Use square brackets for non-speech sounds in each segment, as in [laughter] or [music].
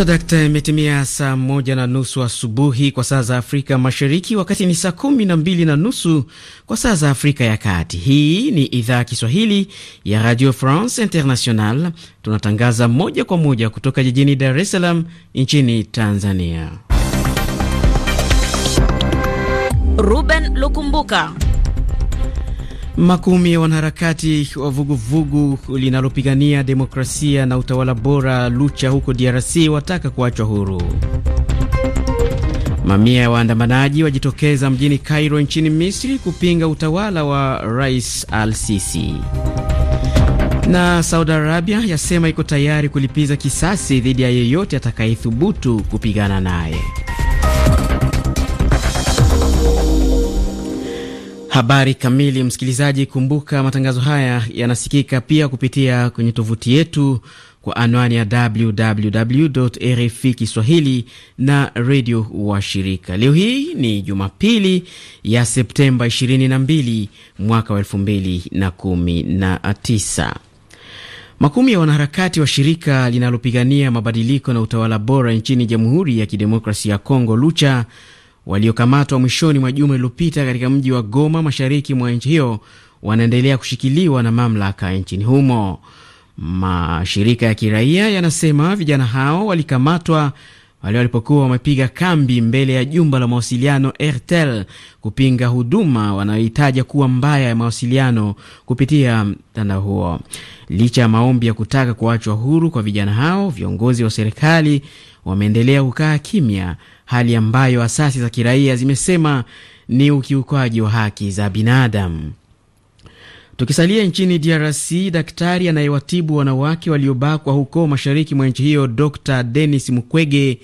Kabisa dakta, imetimia saa moja na nusu asubuhi kwa saa za Afrika Mashariki, wakati ni saa kumi na mbili na nusu kwa saa za Afrika ya Kati. Hii ni idhaa Kiswahili ya Radio France International, tunatangaza moja kwa moja kutoka jijini Dar es Salaam nchini Tanzania. Ruben Lukumbuka Makumi ya wanaharakati wa vuguvugu linalopigania demokrasia na utawala bora Lucha huko DRC wataka kuachwa huru. Mamia ya waandamanaji wajitokeza mjini Cairo nchini Misri kupinga utawala wa Rais Al-Sisi. Na Saudi Arabia yasema iko tayari kulipiza kisasi dhidi ya yeyote atakayethubutu kupigana naye. Habari kamili, msikilizaji, kumbuka matangazo haya yanasikika pia kupitia kwenye tovuti yetu kwa anwani ya www RFI Kiswahili na redio wa shirika. Leo hii ni Jumapili ya Septemba 22 mwaka wa 2019. Makumi ya wanaharakati wa shirika linalopigania mabadiliko na utawala bora nchini Jamhuri ya Kidemokrasia ya Kongo, Lucha waliokamatwa mwishoni mwa juma lililopita katika mji wa Goma mashariki mwa nchi hiyo wanaendelea kushikiliwa na mamlaka nchini humo. Mashirika ya kiraia yanasema vijana hao walikamatwa wale walipokuwa wamepiga kambi mbele ya jumba la mawasiliano Airtel kupinga huduma wanayohitaja kuwa mbaya ya mawasiliano kupitia mtandao huo. Licha ya maombi ya kutaka kuachwa huru kwa vijana hao, viongozi wa serikali wameendelea kukaa kimya, hali ambayo asasi za kiraia zimesema ni ukiukwaji wa haki za binadamu. Tukisalia nchini DRC, daktari anayewatibu wanawake waliobakwa huko mashariki mwa nchi hiyo, Dr Denis Mukwege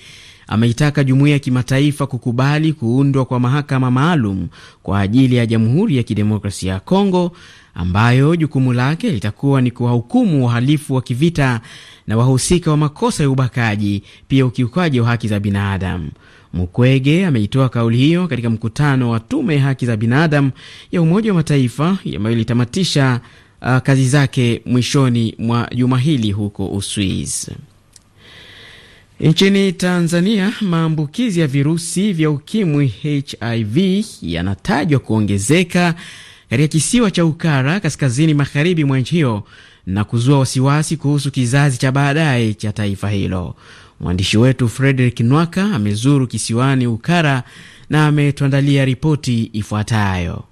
ameitaka jumuiya ya kimataifa kukubali kuundwa kwa mahakama maalum kwa ajili ya Jamhuri ya Kidemokrasia ya Kongo ambayo jukumu lake litakuwa ni kuwahukumu wahalifu wa kivita na wahusika wa makosa ya ubakaji, pia ukiukaji wa haki za binadamu. Mukwege ameitoa kauli hiyo katika mkutano wa tume ya haki za binadamu ya Umoja wa Mataifa ambayo ilitamatisha uh, kazi zake mwishoni mwa juma hili huko Uswiz. Nchini Tanzania, maambukizi ya virusi vya ukimwi HIV yanatajwa kuongezeka katika kisiwa cha Ukara kaskazini magharibi mwa nchi hiyo na kuzua wasiwasi kuhusu kizazi cha baadaye cha taifa hilo. Mwandishi wetu Frederick Nwaka amezuru kisiwani Ukara na ametuandalia ripoti ifuatayo.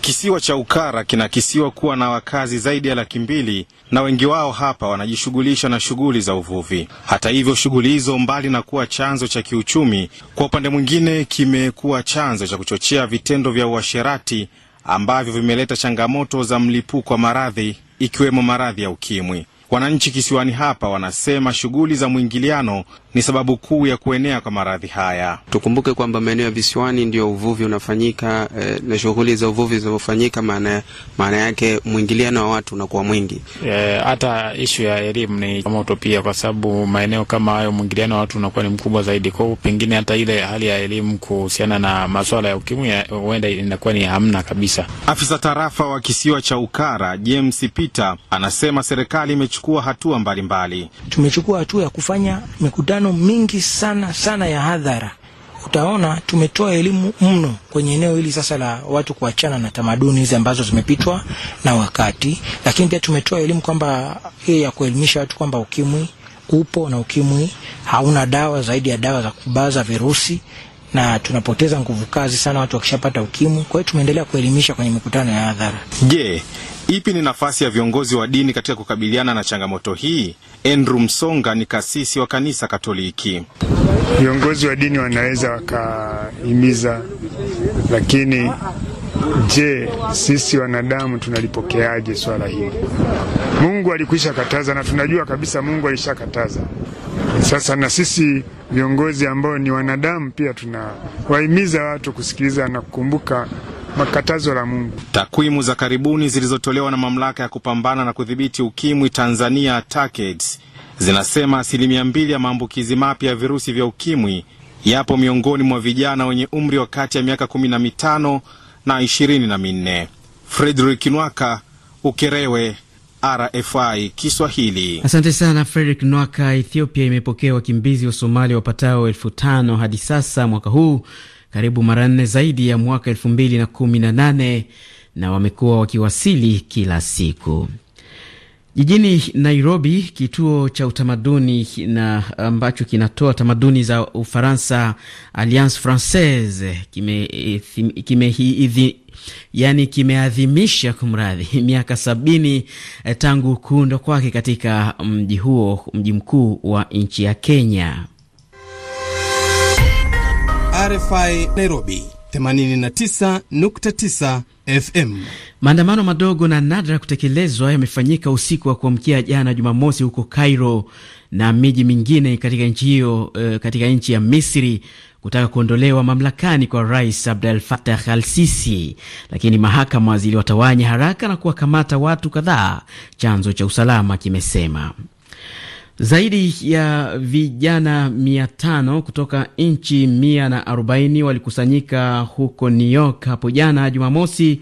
Kisiwa cha Ukara kinakisiwa kuwa na wakazi zaidi ya laki mbili na wengi wao hapa wanajishughulisha na shughuli za uvuvi. Hata hivyo, shughuli hizo mbali na kuwa chanzo cha kiuchumi, kwa upande mwingine kimekuwa chanzo cha kuchochea vitendo vya uasherati ambavyo vimeleta changamoto za mlipuko wa maradhi ikiwemo maradhi ya ukimwi. Wananchi kisiwani hapa wanasema shughuli za mwingiliano ni sababu kuu ya kuenea kwa maradhi haya. Tukumbuke kwamba maeneo ya visiwani ndio uvuvi unafanyika e, na shughuli za uvuvi zinazofanyika, maana maana yake mwingiliano wa watu unakuwa mwingi. Eh, hata eh, ishu ya elimu ni moto pia, kwa sababu maeneo kama hayo mwingiliano wa watu unakuwa ni mkubwa zaidi. Kwa hiyo pengine hata ile hali ya elimu kuhusiana na masuala ya ukimwi huenda inakuwa ni hamna kabisa. Afisa tarafa wa kisiwa cha Ukara James Peter anasema serikali imechukua hatua mbalimbali Tumechukua hatua ya kufanya mikutano mikutano mingi sana sana ya hadhara utaona tumetoa elimu mno kwenye eneo hili sasa la watu kuachana na tamaduni hizi ambazo zimepitwa na wakati, lakini pia tumetoa elimu kwamba hii eh, ya kuelimisha watu kwamba ukimwi upo na ukimwi hauna dawa zaidi ya dawa za kubaza virusi, na tunapoteza nguvu kazi sana watu wakishapata ukimwi. Kwa hiyo tumeendelea kuelimisha kwenye mikutano ya hadhara. Je, Ipi ni nafasi ya viongozi wa dini katika kukabiliana na changamoto hii? Andrew Msonga ni kasisi wa kanisa Katoliki. Viongozi wa dini wanaweza wakahimiza, lakini je, sisi wanadamu tunalipokeaje swala hili? Mungu alikwisha kataza na tunajua kabisa Mungu alishakataza. Sasa na sisi viongozi ambao ni wanadamu pia tunawahimiza watu kusikiliza na kukumbuka makatazo la Mungu. Takwimu za karibuni zilizotolewa na mamlaka ya kupambana na kudhibiti ukimwi Tanzania TACAIDS zinasema asilimia mbili ya maambukizi mapya ya virusi vya ukimwi yapo miongoni mwa vijana wenye umri wa kati ya miaka 15 na minne. Frederick Nwaka, Ukerewe, RFI Kiswahili. Asante sana Frederick Nwaka. Ethiopia imepokea wakimbizi wa Somalia wapatao elfu tano hadi sasa mwaka huu karibu mara nne zaidi ya mwaka el218 na wamekuwa wakiwasili kila siku. Jijini Nairobi, kituo cha utamaduni na ambacho kinatoa tamaduni za Ufaransa, Alliance Francaise kimeadhimisha kime, yani kimeadhimisha kumradhi, [laughs] miaka sabini eh, tangu kuundwa kwake katika mji huo, mji mkuu wa nchi ya Kenya. RFI Nairobi 89.9 FM. Maandamano madogo na nadra kutekelezwa yamefanyika usiku wa kuamkia jana Jumamosi huko Cairo na miji mingine katika nchi hiyo, uh, katika nchi ya Misri kutaka kuondolewa mamlakani kwa Rais Abdel Fattah al-Sisi, lakini mahakama ziliwatawanya haraka na kuwakamata watu kadhaa, chanzo cha usalama kimesema. Zaidi ya vijana mia tano kutoka nchi mia na arobaini walikusanyika huko New York hapo jana Jumamosi,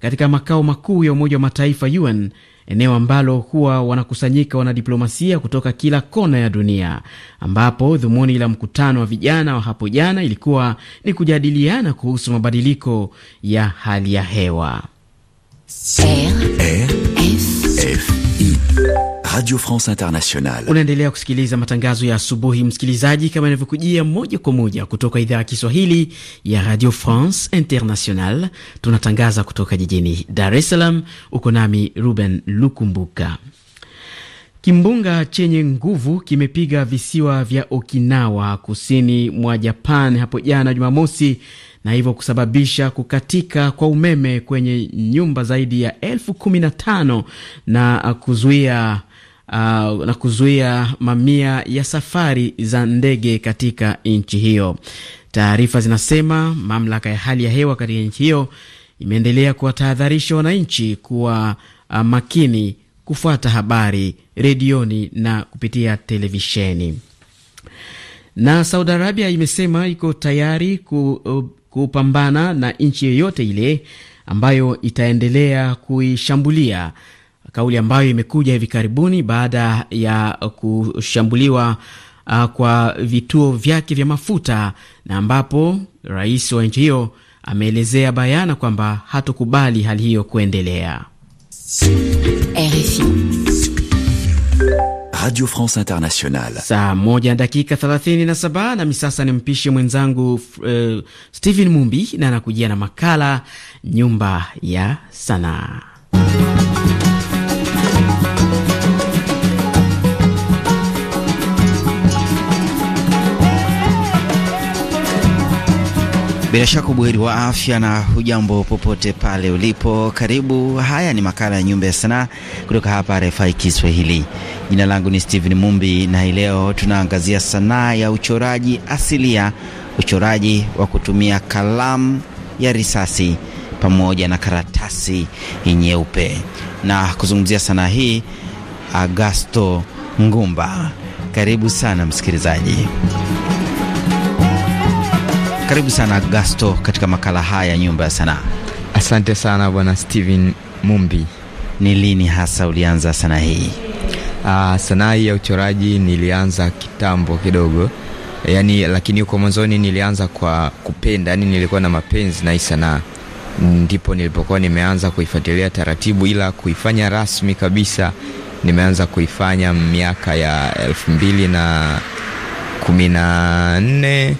katika makao makuu ya Umoja wa Mataifa UN, eneo ambalo huwa wanakusanyika wanadiplomasia kutoka kila kona ya dunia, ambapo dhumuni la mkutano wa vijana wa hapo jana ilikuwa ni kujadiliana kuhusu mabadiliko ya hali ya hewa. RFI Radio France Internationale. Unaendelea kusikiliza matangazo ya asubuhi, msikilizaji, kama inavyokujia moja kwa moja kutoka idhaa ya Kiswahili ya Radio France Internationale. Tunatangaza kutoka jijini Dar es Salaam, uko nami Ruben Lukumbuka. Kimbunga chenye nguvu kimepiga visiwa vya Okinawa kusini mwa Japan hapo jana Jumamosi na hivyo kusababisha kukatika kwa umeme kwenye nyumba zaidi ya elfu kumi na tano na kuzuia uh, na kuzuia mamia ya safari za ndege katika nchi hiyo. Taarifa zinasema mamlaka ya hali ya hewa katika nchi hiyo imeendelea kuwatahadharisha wananchi kuwa uh, makini kufuata habari redioni na kupitia televisheni. Na Saudi Arabia imesema iko tayari uh, kupambana na nchi yoyote ile ambayo itaendelea kuishambulia kauli ambayo imekuja hivi karibuni baada ya kushambuliwa uh, kwa vituo vyake vya mafuta na ambapo rais wa nchi hiyo ameelezea bayana kwamba hatokubali hali hiyo kuendelea. RFI Radio France Internationale, saa moja dakika 37. Nami sasa ni mpishe mwenzangu uh, eh, Stephen Mumbi na anakujia na makala nyumba ya sanaa Bila shaka buheri wa afya na hujambo popote pale ulipo. Karibu, haya ni makala ya Nyumba ya Sanaa kutoka hapa RFI Kiswahili. Jina langu ni Steven Mumbi na hii leo tunaangazia sanaa ya uchoraji asilia, uchoraji wa kutumia kalamu ya risasi pamoja na karatasi nyeupe. Na kuzungumzia sanaa hii, Agasto Ngumba. Karibu sana msikilizaji. Karibu sana Gasto katika makala haya ya Nyumba ya Sanaa. Asante sana bwana Steven Mumbi. Ni lini hasa ulianza sanaa hii? Uh, sanaa hii ya uchoraji nilianza kitambo kidogo yani lakini huko mwanzoni nilianza kwa kupenda, yani nilikuwa na mapenzi na hii sanaa, ndipo nilipokuwa nimeanza kuifuatilia taratibu, ila kuifanya rasmi kabisa nimeanza kuifanya miaka ya elfu mbili na kumi na nne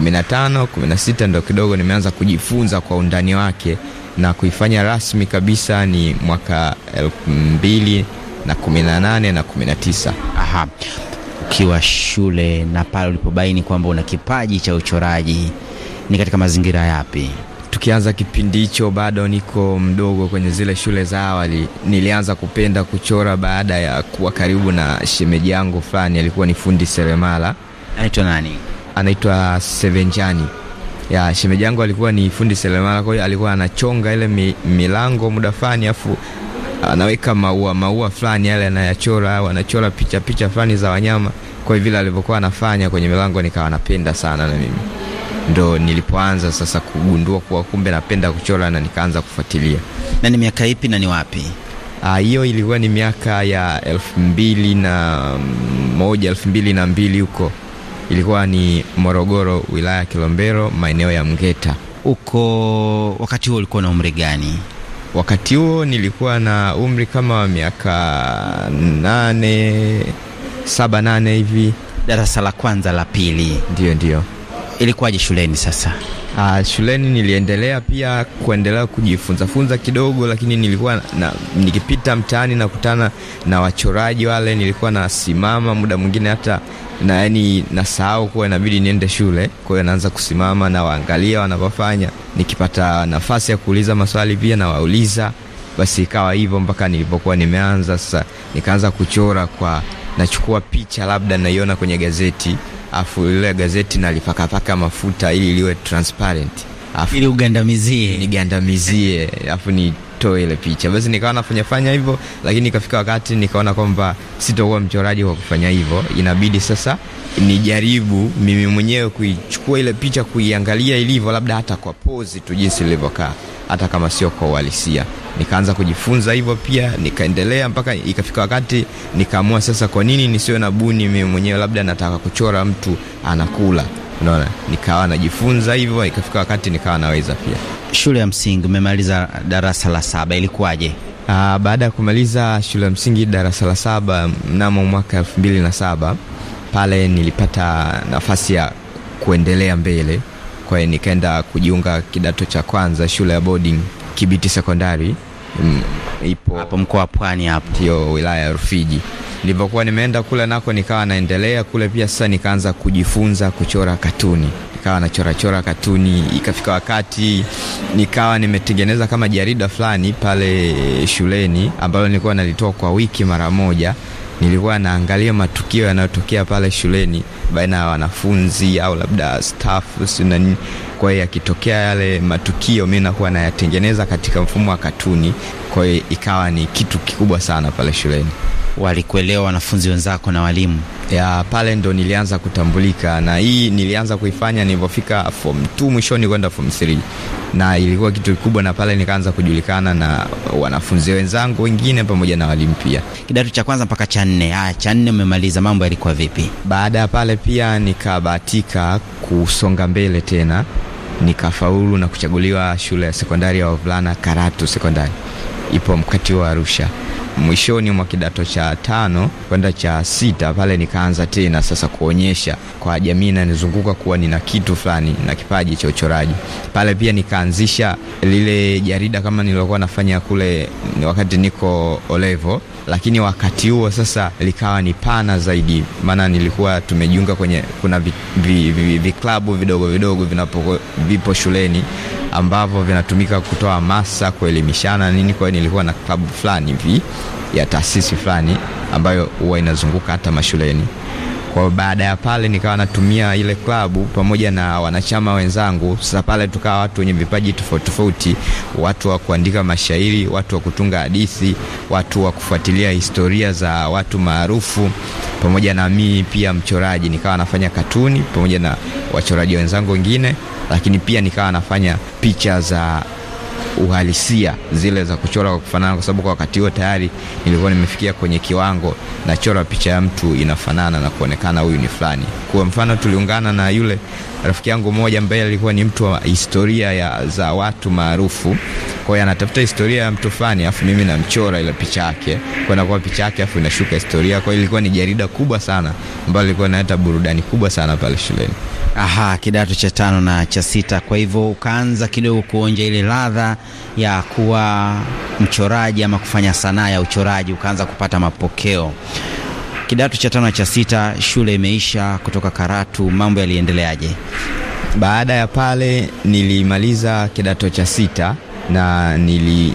15, 16 ndo kidogo nimeanza kujifunza kwa undani wake na kuifanya rasmi kabisa ni mwaka 2018 na 19. Aha. Ukiwa shule na pale ulipobaini kwamba una kipaji cha uchoraji ni katika mazingira yapi? Tukianza kipindi hicho, bado niko mdogo kwenye zile shule za awali, nilianza kupenda kuchora baada ya kuwa karibu na shemeji yangu fulani, alikuwa ni fundi seremala. Anaitwa nani? anaitwa Sevenjani. Ya shemeji yangu alikuwa ni fundi selemala kwa hiyo alikuwa anachonga ile mi, milango muda fulani, afu anaweka maua maua fulani yale anayachora, au anachora picha picha fulani za wanyama. Kwa vile alivyokuwa anafanya kwenye milango nikawa napenda sana, na mimi ndo nilipoanza sasa kugundua kuwa kumbe napenda kuchora na nikaanza kufuatilia. Na ni miaka ipi na ni wapi? Ah, hiyo ilikuwa ni miaka ya elfu mbili na moja elfu mbili na mbili huko ilikuwa ni Morogoro, wilaya ya Kilombero, maeneo ya Mgeta. Uko wakati huo ulikuwa na umri gani? Wakati huo nilikuwa na umri kama miaka nane, saba nane hivi, darasa la kwanza la pili. Ndio, ndio. Ilikuwaje shuleni sasa? Aa, ah, shuleni niliendelea pia kuendelea kujifunza funza kidogo, lakini nilikuwa na, nikipita mtaani nakutana na wachoraji wale, nilikuwa nasimama muda mwingine hata na yani nasahau kuwa inabidi niende shule. Kwa hiyo naanza kusimama na waangalia wanavyofanya, nikipata nafasi ya kuuliza maswali pia nawauliza. Basi ikawa hivyo mpaka nilipokuwa nimeanza sasa, nikaanza kuchora kwa nachukua picha labda naiona kwenye gazeti afu ile gazeti nalipakapaka mafuta ili liwe transparent, afu ili ugandamizie, nigandamizie afu ni toa ile picha. Basi nikawa nafanya fanya hivyo, lakini ikafika wakati nikaona kwamba sitakuwa mchoraji kwa kufanya hivyo, inabidi sasa nijaribu mimi mwenyewe kuichukua ile picha, kuiangalia ilivyo, labda hata kwa pozi tu jinsi ilivyokaa, hata kama sio kwa uhalisia. Nikaanza kujifunza hivyo pia, nikaendelea mpaka ikafika wakati nikaamua sasa, kwa nini nisiwe na buni mimi mwenyewe, labda nataka kuchora mtu anakula, unaona. Nikawa najifunza hivyo, ikafika wakati nikawa naweza pia shule ya msingi umemaliza darasa la saba, ilikuwaje? Uh, baada ya kumaliza shule ya msingi darasa la saba mnamo mwaka elfu mbili na saba pale nilipata nafasi ya kuendelea mbele, kwa hiyo nikaenda kujiunga kidato cha kwanza shule ya boarding Kibiti Sekondari, mm, ipo hapo mkoa wa Pwani, hapo ndio wilaya ya Rufiji nilipokuwa nimeenda kule nako nikawa naendelea kule pia. Sasa nikaanza kujifunza kuchora katuni, nikawa nachorachora katuni. Ikafika wakati nikawa nimetengeneza kama jarida fulani pale shuleni ambalo nilikuwa nalitoa kwa wiki mara moja. Nilikuwa naangalia matukio yanayotokea pale shuleni baina ya wanafunzi au labda stafu sina nini. Kwa hiyo yakitokea yale matukio, mi nakuwa nayatengeneza katika mfumo wa katuni kwa hiyo ikawa ni kitu kikubwa sana pale shuleni. Walikuelewa wanafunzi wenzako na walimu? Ya, pale ndo nilianza kutambulika, na hii nilianza kuifanya nilipofika form 2 mwishoni kwenda form 3, na ilikuwa kitu kikubwa, na pale nikaanza kujulikana na wanafunzi wenzangu wengine pamoja na walimu pia. Kidato cha kwanza mpaka cha nne. Ah, cha nne umemaliza, mambo yalikuwa vipi baada ya pale? Pia nikabahatika kusonga mbele tena nikafaulu na kuchaguliwa shule ya sekondari ya wavulana Karatu Sekondari ipo mkati wa Arusha. Mwishoni mwa kidato cha tano kwenda cha sita pale nikaanza tena sasa kuonyesha kwa jamii inanizunguka kuwa nina kitu fulani na kipaji cha uchoraji. Pale pia nikaanzisha lile jarida kama nilikuwa nafanya kule wakati niko Olevo, lakini wakati huo sasa likawa ni pana zaidi, maana nilikuwa tumejiunga kwenye kuna viklabu vi, vi, vi vidogo vidogo vinapo vipo shuleni ambavyo vinatumika kutoa hamasa, kuelimishana nini. Kwa hiyo nilikuwa na klabu fulani hivi ya taasisi fulani ambayo huwa inazunguka hata mashuleni. Kwa baada ya pale nikawa natumia ile klabu pamoja na wanachama wenzangu. Sasa pale tukawa watu wenye vipaji tofauti tofauti, watu wa kuandika mashairi, watu wa kutunga hadithi, watu wa kufuatilia historia za watu maarufu, pamoja na mimi pia mchoraji, nikawa nafanya katuni pamoja na wachoraji wenzangu wengine, lakini pia nikawa nafanya picha za uhalisia zile za kuchora kwa kufanana, kwa sababu kwa wakati huo tayari nilikuwa nimefikia kwenye kiwango nachora picha ya mtu inafanana na kuonekana huyu ni fulani. Kwa mfano, tuliungana na yule rafiki yangu mmoja ambaye alikuwa ni mtu wa historia ya, za watu maarufu. Kwa hiyo anatafuta historia ya mtu fulani, alafu mimi namchora ile picha yake, kwa nakuwa picha yake, afu inashuka historia. Kwa hiyo ilikuwa ni jarida kubwa sana ambayo ilikuwa inaleta burudani kubwa sana pale shuleni. Aha, kidato cha tano na cha sita. Kwa hivyo ukaanza kidogo kuonja ile ladha ya kuwa mchoraji ama kufanya sanaa ya uchoraji, ukaanza kupata mapokeo. Kidato cha tano na cha sita, shule imeisha, kutoka Karatu, mambo yaliendeleaje? Baada ya pale nilimaliza kidato cha sita na nili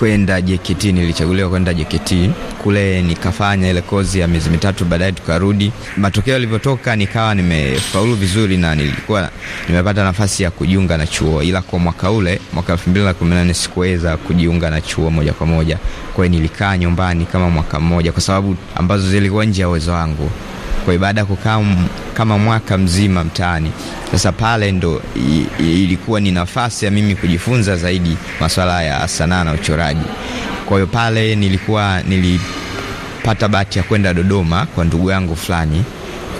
kwenda JKT, nilichaguliwa kwenda JKT. Kule nikafanya ile kozi ya miezi mitatu, baadaye tukarudi. Matokeo yalivyotoka, nikawa nimefaulu vizuri na nilikuwa nimepata nafasi ya kujiunga na chuo, ila kwa mwaka ule, mwaka 2014 sikuweza kujiunga na chuo moja kwa moja. Kwa hiyo nilikaa nyumbani kama mwaka mmoja, kwa sababu ambazo zilikuwa nje ya uwezo wangu kwa ibada baada ya kukaa kama mwaka mzima mtaani, sasa pale ndo ilikuwa ni nafasi ya mimi kujifunza zaidi masuala ya sanaa na uchoraji. Kwa hiyo pale nilikuwa nilipata bahati ya kwenda Dodoma kwa ndugu yangu fulani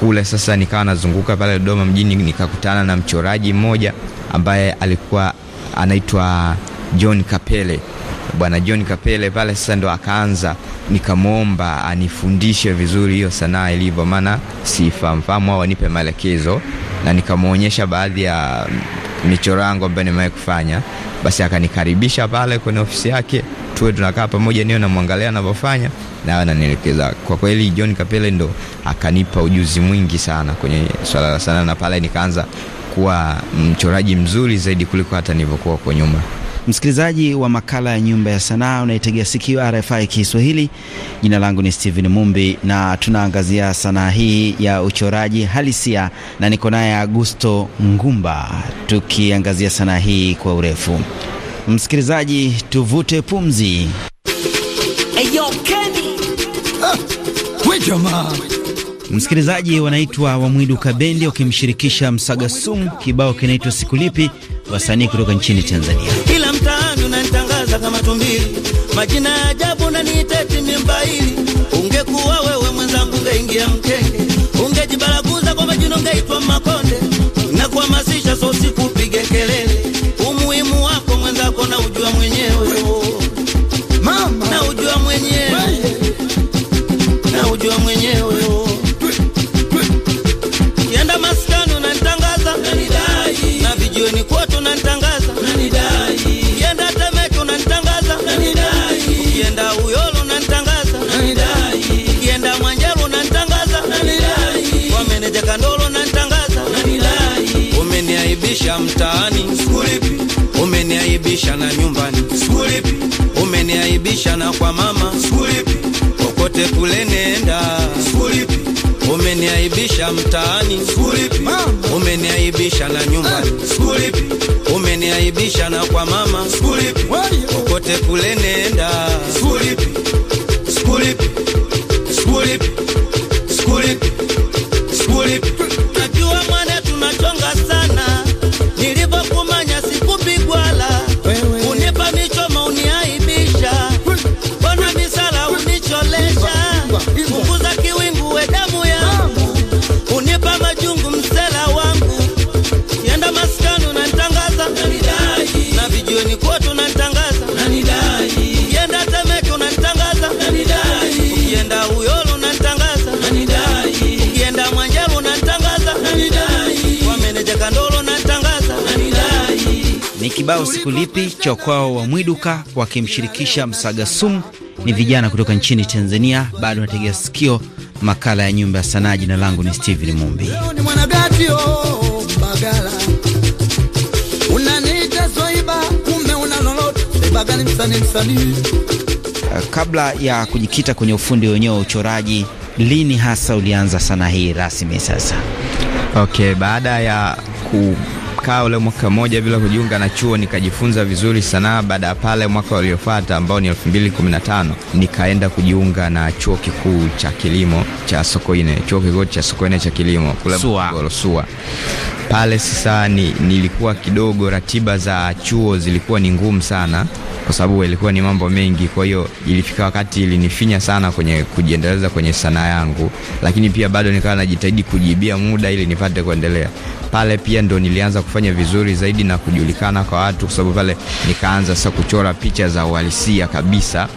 kule. Sasa nikawa nazunguka pale Dodoma mjini, nikakutana na mchoraji mmoja ambaye alikuwa anaitwa John Kapele bwana John Kapele pale. Sasa ndo akaanza nikamwomba anifundishe vizuri hiyo sanaa ilivyo, maana sifahamu au anipe maelekezo, na nikamwonyesha baadhi ya michoro yangu ambayo nimewahi kufanya. Basi akanikaribisha pale kwenye ofisi yake, tuwe tunakaa pamoja, niwe namwangalia anavyofanya na ananielekeza. Kwa kweli, John Kapele ndo akanipa ujuzi mwingi sana kwenye swala la sanaa, na pale nikaanza kuwa mchoraji mzuri zaidi kuliko hata nilivyokuwa kwa nyuma. Msikilizaji wa makala ya Nyumba ya Sanaa, unaitegea sikio RFI Kiswahili. Jina langu ni Steven Mumbi na tunaangazia sanaa hii ya uchoraji halisia, na niko naye Augusto Ngumba tukiangazia sanaa hii kwa urefu. Msikilizaji, tuvute pumzi. Ah, Msikilizaji, wanaitwa Wamwidu Kabendi wakimshirikisha Msaga kibao kinaitwa Sikulipi, wasanii kutoka nchini Tanzania kutosha kama tumbili, majina ya ajabu na niiteti mimbaili. Ungekuwa wewe mwenzangu, ungeingia mkenge, ungejibaraguza kwa majina, ungeitwa Makonde. kuhamasisha so sikupige kelele, umuhimu wako mwenzako na ujua mwenyewe mama, na ujua mwenyewe na ujua mwenyewe umeniaibisha mtaani, umeniaibisha na nyumbani, umeniaibisha na kwa mama, kokote kule nenda, umeniaibisha mtaani, umeniaibisha na nyumbani, umeniaibisha na kwa mama, kokote kule nenda. kibao siku lipi cha kwao wa Mwiduka wakimshirikisha Msaga Ni vijana kutoka nchini Tanzania. Bado nategea sikio makala ya nyumba ya sanaa. Jina langu ni Steven Mumbi. Oh, eh, kabla ya kujikita kwenye ufundi wenyewe wa uchoraji, lini hasa ulianza sanaa hii rasmi sasa? Okay, baada ya ku nikakaa ule mwaka mmoja bila kujiunga na chuo, nikajifunza vizuri sanaa. Baada ya pale, mwaka uliofuata ambao ni 2015 nikaenda kujiunga na chuo kikuu cha kilimo cha Sokoine, chuo kikuu cha Sokoine cha kilimo kule SUA. Pale sasa ni, nilikuwa kidogo, ratiba za chuo zilikuwa ni ngumu sana kwa sababu ilikuwa ni mambo mengi. Kwa hiyo ilifika wakati ilinifinya sana kwenye kujiendeleza kwenye sanaa yangu, lakini pia bado nikawa najitahidi kujibia muda ili nipate kuendelea. Pale pia ndo nilianza kufanya vizuri zaidi na kujulikana kwa watu, kwa sababu pale nikaanza sasa kuchora picha za uhalisia kabisa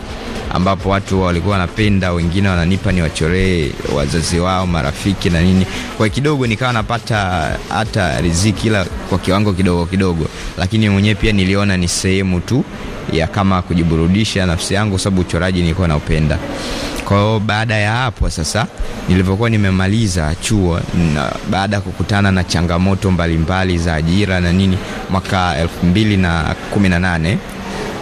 ambapo watu walikuwa wanapenda, wengine wananipa niwachoree wazazi wao, marafiki na nini. Kwa kidogo nikawa napata hata riziki, ila kwa kiwango kidogo kidogo, lakini mwenyewe pia niliona ni sehemu tu ya kama kujiburudisha nafsi yangu, sababu uchoraji nilikuwa naupenda. Kwa hiyo baada ya hapo sasa, nilivyokuwa nimemaliza chuo na baada ya kukutana na changamoto mbalimbali mbali za ajira na nini, mwaka nane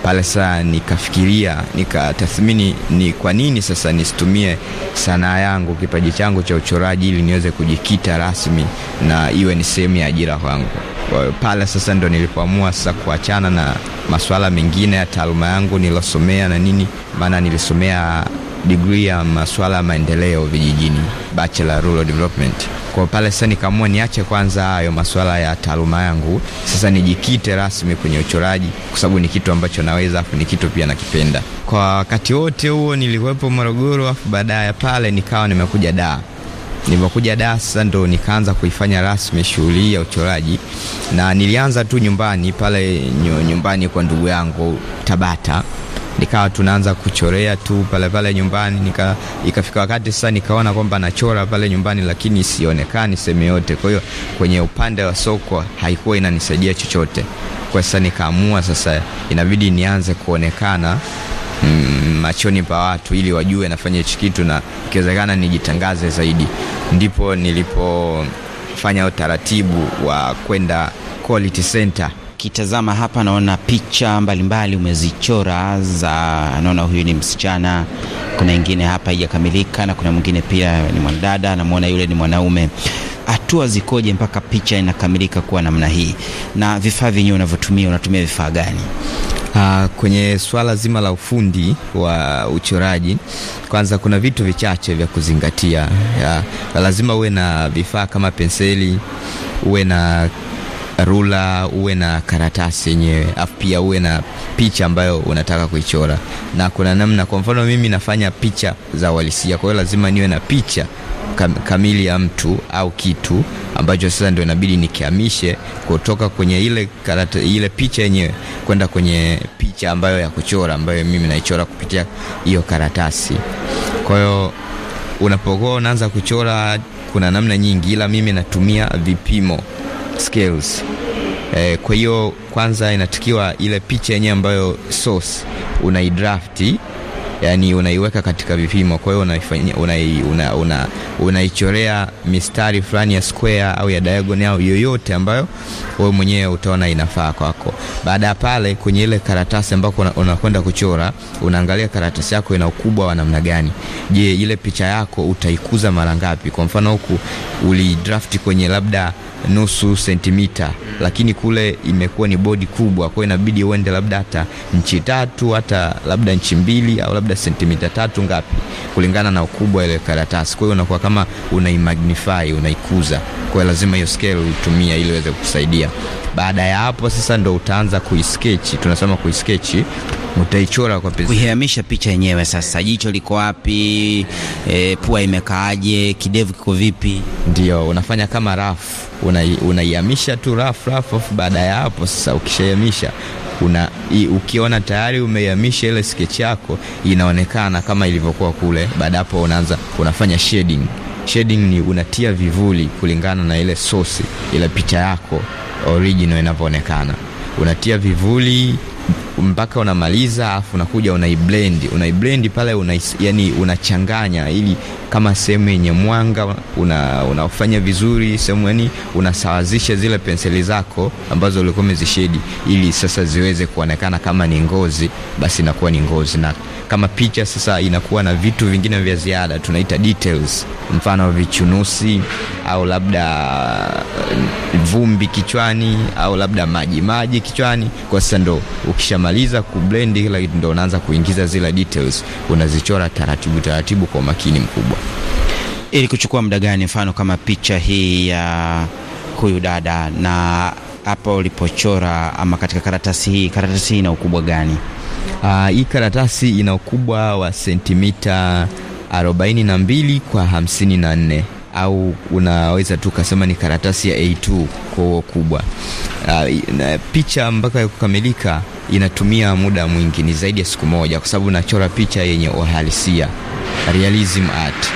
pale. Sasa nikafikiria nikatathmini, ni kwa nini sasa nisitumie sanaa yangu kipaji changu cha uchoraji ili niweze kujikita rasmi na iwe ni sehemu ya ajira kwangu. Pale sasa ndo nilipoamua sasa kuachana na masuala mengine ya taaluma yangu nilosomea na nini, maana nilisomea degree ya masuala ya maendeleo vijijini, bachelor rural development. Kwa pale sasa nikaamua niache kwanza hayo masuala ya taaluma yangu, sasa nijikite rasmi kwenye uchoraji, kwa sababu ni kitu ambacho naweza, afu ni kitu pia nakipenda. Kwa wakati wote huo nilikuwepo Morogoro, afu baadaye pale nikawa nimekuja Dar nilipokuja Dar sasa ndo nikaanza kuifanya rasmi shughuli ya uchoraji, na nilianza tu nyumbani pale nyumbani kwa ndugu yangu Tabata, nikawa tunaanza kuchorea tu pale pale nyumbani nika, ikafika wakati sasa nikaona kwamba nachora pale nyumbani, lakini sionekani sehemu yote. Kwa hiyo kwenye upande wa soko haikuwa inanisaidia chochote. Kwa sasa nikaamua sasa inabidi nianze kuonekana mm, machoni pa watu ili wajue nafanya hichi kitu na ikiwezekana nijitangaze zaidi. Ndipo nilipofanya utaratibu wa kwenda quality center Nikitazama hapa naona picha mbalimbali umezichora za, naona huyu ni msichana, kuna ingine hapa haijakamilika, na kuna mwingine pia ni mwanadada, namwona yule ni mwanaume. Hatua zikoje mpaka picha inakamilika kuwa namna hii? Na vifaa vyenyewe unavyotumia, unatumia vifaa gani? Aa, ah, kwenye swala zima la ufundi wa uchoraji, kwanza kuna vitu vichache vya kuzingatia. Ya, lazima uwe na vifaa kama penseli, uwe na rula, uwe na karatasi yenyewe, afu pia uwe na picha ambayo unataka kuichora, na kuna namna. Kwa mfano mimi nafanya picha za uhalisia, kwa hiyo lazima niwe na picha kam, kamili ya mtu au kitu ambacho sasa ndio inabidi nikihamishe kutoka kwenye ile karata, ile picha yenyewe kwenda kwenye picha ambayo ya kuchora ambayo mimi naichora kupitia hiyo karatasi. Kwa hiyo unapokuwa unaanza kuchora kuna namna nyingi, ila mimi natumia vipimo skills. E, kwa hiyo kwanza inatakiwa ile picha yenyewe ambayo source unaidrafti, yani unaiweka katika vipimo. Kwa hiyo unaichorea una, una, una mistari fulani ya square au ya diagonal au yoyote ambayo wewe mwenyewe utaona inafaa kwako. Baada ya pale, kwenye ile karatasi ambako unakwenda una kuchora, unaangalia karatasi yako ina ukubwa wa namna gani. Je, ile picha yako utaikuza mara ngapi? Kwa mfano huku ulidrafti kwenye labda nusu sentimita Lakini kule imekuwa ni bodi kubwa, kwa inabidi uende labda hata nchi tatu hata labda nchi mbili au labda sentimita tatu ngapi, kulingana na ukubwa ile karatasi. Kwa hiyo unakuwa kama unaimagnify, unaikuza. Kwa hiyo lazima hiyo scale utumia ili iweze kukusaidia. Baada ya hapo sasa ndo utaanza kuiskechi, tunasema kuiskechi utaichora kwa pesa. Kuhamisha picha yenyewe sasa, jicho liko wapi? E, pua imekaaje? Kidevu kiko vipi? Ndio unafanya kama rafu, unaihamisha una tu rafu rafu, afu baada ya hapo sasa, ukishahamisha una i, ukiona tayari umeihamisha ile sketch yako inaonekana kama ilivyokuwa kule. Baada hapo unaanza unafanya shading. Shading ni unatia vivuli kulingana na ile source, ile picha yako original inavyoonekana, unatia vivuli mpaka unamaliza, afu unakuja unaiblend, unaiblend pale una, yani unachanganya, ili kama sehemu yenye mwanga una, unafanya vizuri sehemu, yani unasawazisha zile penseli zako ambazo ulikuwa umezishedi, ili sasa ziweze kuonekana kama ni ngozi, basi inakuwa ni ngozi, na kama picha sasa inakuwa na vitu vingine vya ziada, tunaita details, mfano vichunusi au labda vumbi kichwani au labda maji maji kichwani, kwa sasa ndo ukisha Ukimaliza kublend ile, ndio unaanza kuingiza zile details, unazichora taratibu taratibu kwa umakini mkubwa. Ili kuchukua muda gani? Mfano kama picha hii ya huyu dada na hapa ulipochora ama katika karatasi hii, karatasi hii ina ukubwa gani? Uh, hii karatasi ina ukubwa wa sentimita 42 kwa 54 au unaweza tu kasema ni karatasi ya A2 kwa ukubwa. Uh, picha mpaka ya kukamilika inatumia muda mwingi, ni zaidi ya siku moja, kwa sababu nachora picha yenye uhalisia, realism art.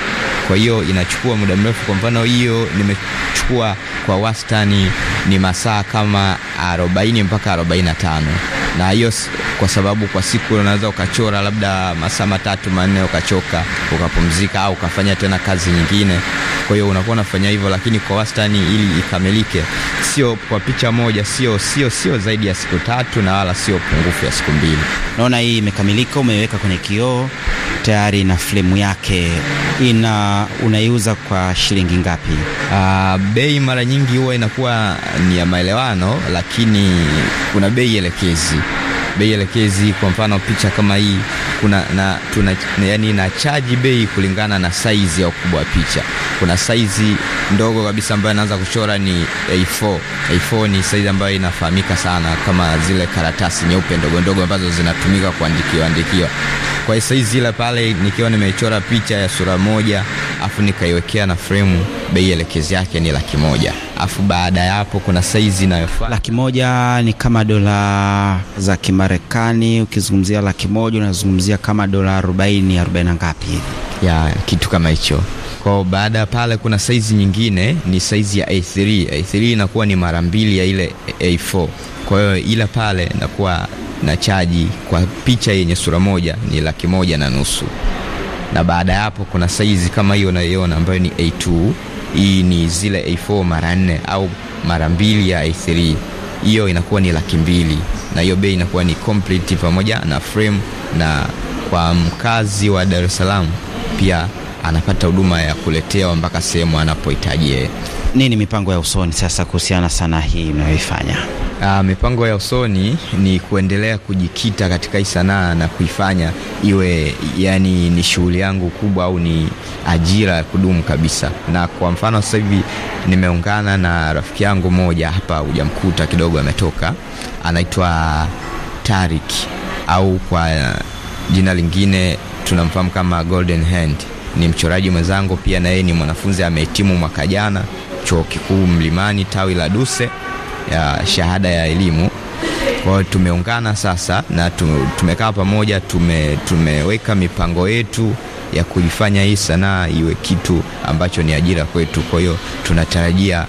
Kwa hiyo inachukua muda mrefu. Kwa mfano, hiyo nimechukua kwa wastani ni masaa kama 40 mpaka 45 na hiyo kwa sababu kwa siku unaweza ukachora labda masaa matatu manne, ukachoka ukapumzika, au ukafanya tena kazi nyingine. Kwa hiyo unakuwa unafanya hivyo, lakini kwa wastani, ili ikamilike, sio kwa picha moja, sio sio sio zaidi ya siku tatu na wala sio pungufu ya siku mbili. Naona hii imekamilika, umeiweka kwenye kioo tayari na filamu yake ina unaiuza kwa shilingi ngapi? Uh, bei mara nyingi huwa inakuwa ni ya maelewano, lakini kuna bei elekezi bei elekezi. Kwa mfano picha kama hii kuna na, tuna, yani na chaji bei kulingana na saizi ya ukubwa wa picha. Kuna saizi ndogo kabisa ambayo anaanza kuchora ni A4. A4 ni saizi ambayo inafahamika sana kama zile karatasi nyeupe ndogo ndogo ambazo zinatumika kuandikiwa andikiwa. Kwa hiyo saizi ile pale nikiwa nimechora picha ya sura moja afu nikaiwekea na fremu, bei elekezi yake ni laki moja afu baada ya hapo kuna saizi inayofaa. Laki moja ni kama dola za Kimarekani. Ukizungumzia laki moja unazungumzia kama dola arobaini arobaini na ngapi hivi ya kitu kama hicho. Kwa baada ya pale kuna saizi nyingine ni saizi ya A3. A3 inakuwa ni mara mbili ya ile A4, kwa hiyo ila pale inakuwa na chaji kwa picha yenye sura moja ni laki moja na nusu, na baada ya hapo kuna saizi kama hiyo unayoiona ambayo ni A2 hii ni zile A4 mara nne au mara mbili ya A3, hiyo inakuwa ni laki mbili, na hiyo bei inakuwa ni complete pamoja na frame, na kwa mkazi wa Dar es Salaam pia anapata huduma ya kuletewa mpaka sehemu anapohitaji yeye. Nini mipango ya usoni sasa kuhusiana sana hii mnayoifanya? Uh, mipango ya usoni ni kuendelea kujikita katika hii sanaa na kuifanya iwe yani ni shughuli yangu kubwa au ni ajira ya kudumu kabisa. Na kwa mfano sasa hivi nimeungana na rafiki yangu moja hapa, hujamkuta kidogo, ametoka anaitwa Tarik au kwa jina lingine tunamfahamu kama Golden Hand ni mchoraji mwenzangu pia, na yeye ni mwanafunzi amehitimu mwaka jana chuo kikuu Mlimani tawi la Duse ya shahada ya elimu. Kwa hiyo tumeungana sasa na tumekaa pamoja, tume, tumeweka mipango yetu ya kuifanya hii sanaa iwe kitu ambacho ni ajira kwetu. Kwa hiyo tunatarajia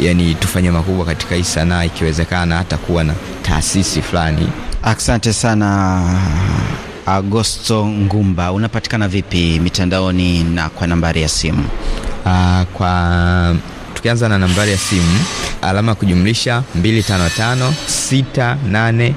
yani tufanye makubwa katika hii sanaa, ikiwezekana hata kuwa na taasisi fulani. Asante sana Agosto Ngumba, unapatikana vipi mitandaoni na kwa nambari ya simu? Uh, kwa tukianza na nambari ya simu alama ya kujumlisha 255 684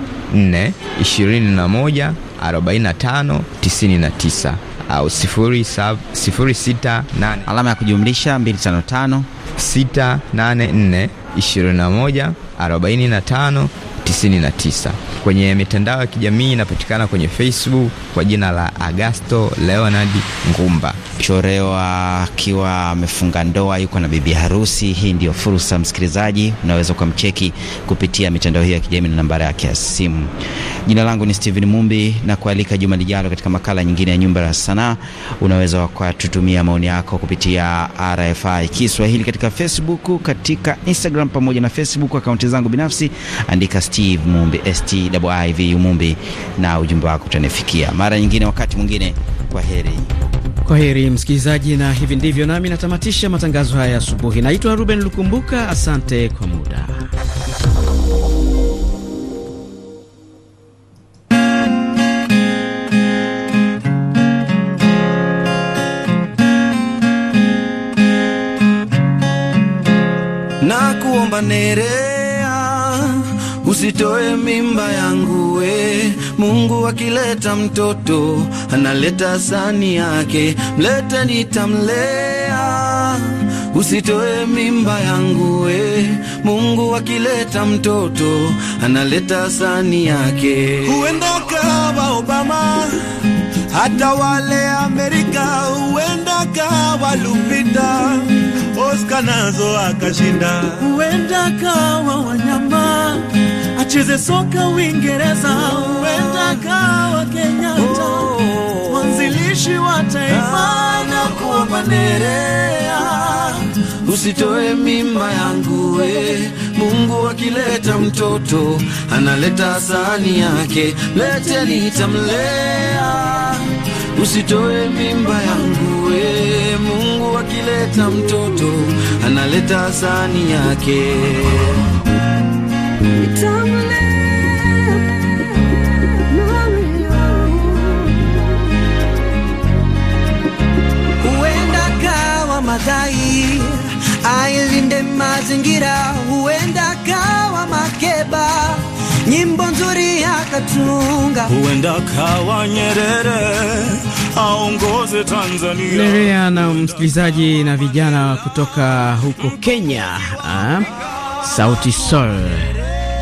21 45 99 au 068 alama ya kujumlisha 255 684 21 45 99. Kwenye mitandao ya kijamii inapatikana kwenye Facebook kwa jina la Agasto Leonard Ngumba chorewa akiwa amefunga ndoa, yuko na bibi harusi. Hii ndio fursa, msikilizaji, unaweza kumcheki kupitia mitandao hiyo ya kijamii na nambari yake ya simu. Jina langu ni Steven Mumbi na kualika juma lijalo katika makala nyingine ya Nyumba ya Sanaa. Unaweza kututumia maoni yako kupitia RFI Kiswahili katika Facebook, katika Instagram pamoja na Facebook, akaunti zangu binafsi, andika Steve Mumbi, Stiv Mumbi na ujumbe wako utanifikia. Mara nyingine, wakati mwingine kwa heri. Kwa heri msikilizaji, na hivi ndivyo nami natamatisha matangazo haya asubuhi. Naitwa Ruben Lukumbuka, asante kwa muda. Nakuomba Nerea usitoe mimba yangu we. Mungu akileta mtoto analeta sani yake, mlete nitamlea. Usitoe mimba yangu we. Mungu akileta mtoto analeta sani yake. Huenda kawa Obama, hata wale Amerika, huenda kawa Lupita Oscar nazo akashinda. Huenda kawa wanyama acheze soka Uingereza, huenda kawa Kenyatta oh, mwanzilishi wa taifa na kuwa Manerea. Usitoe mimba yangu we Mungu akileta mtoto analeta sahani yake, lete nitamlea. Usitoe mimba yangu we Mungu akileta mtoto analeta sani yake. Huenda kawa Madai, ailinde mazingira, huenda kawa Makeba, nyimbo nzuri akatunga, huenda kawa Nyerere aongoze Tanzania. Nerea na msikilizaji na vijana kutoka huko Kenya ah, Sauti Sol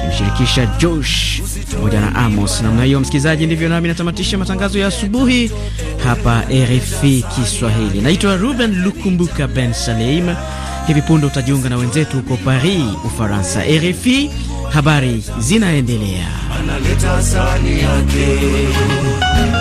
kimshirikisha Josh pamoja na Amos. Namna hiyo, msikilizaji, ndivyo nami natamatisha matangazo ya asubuhi hapa RFI Kiswahili. Naitwa Ruben Lukumbuka Ben Saleim. Hivi punde utajiunga na wenzetu huko Paris, Ufaransa. RFI, habari zinaendelea. Analeta sani yake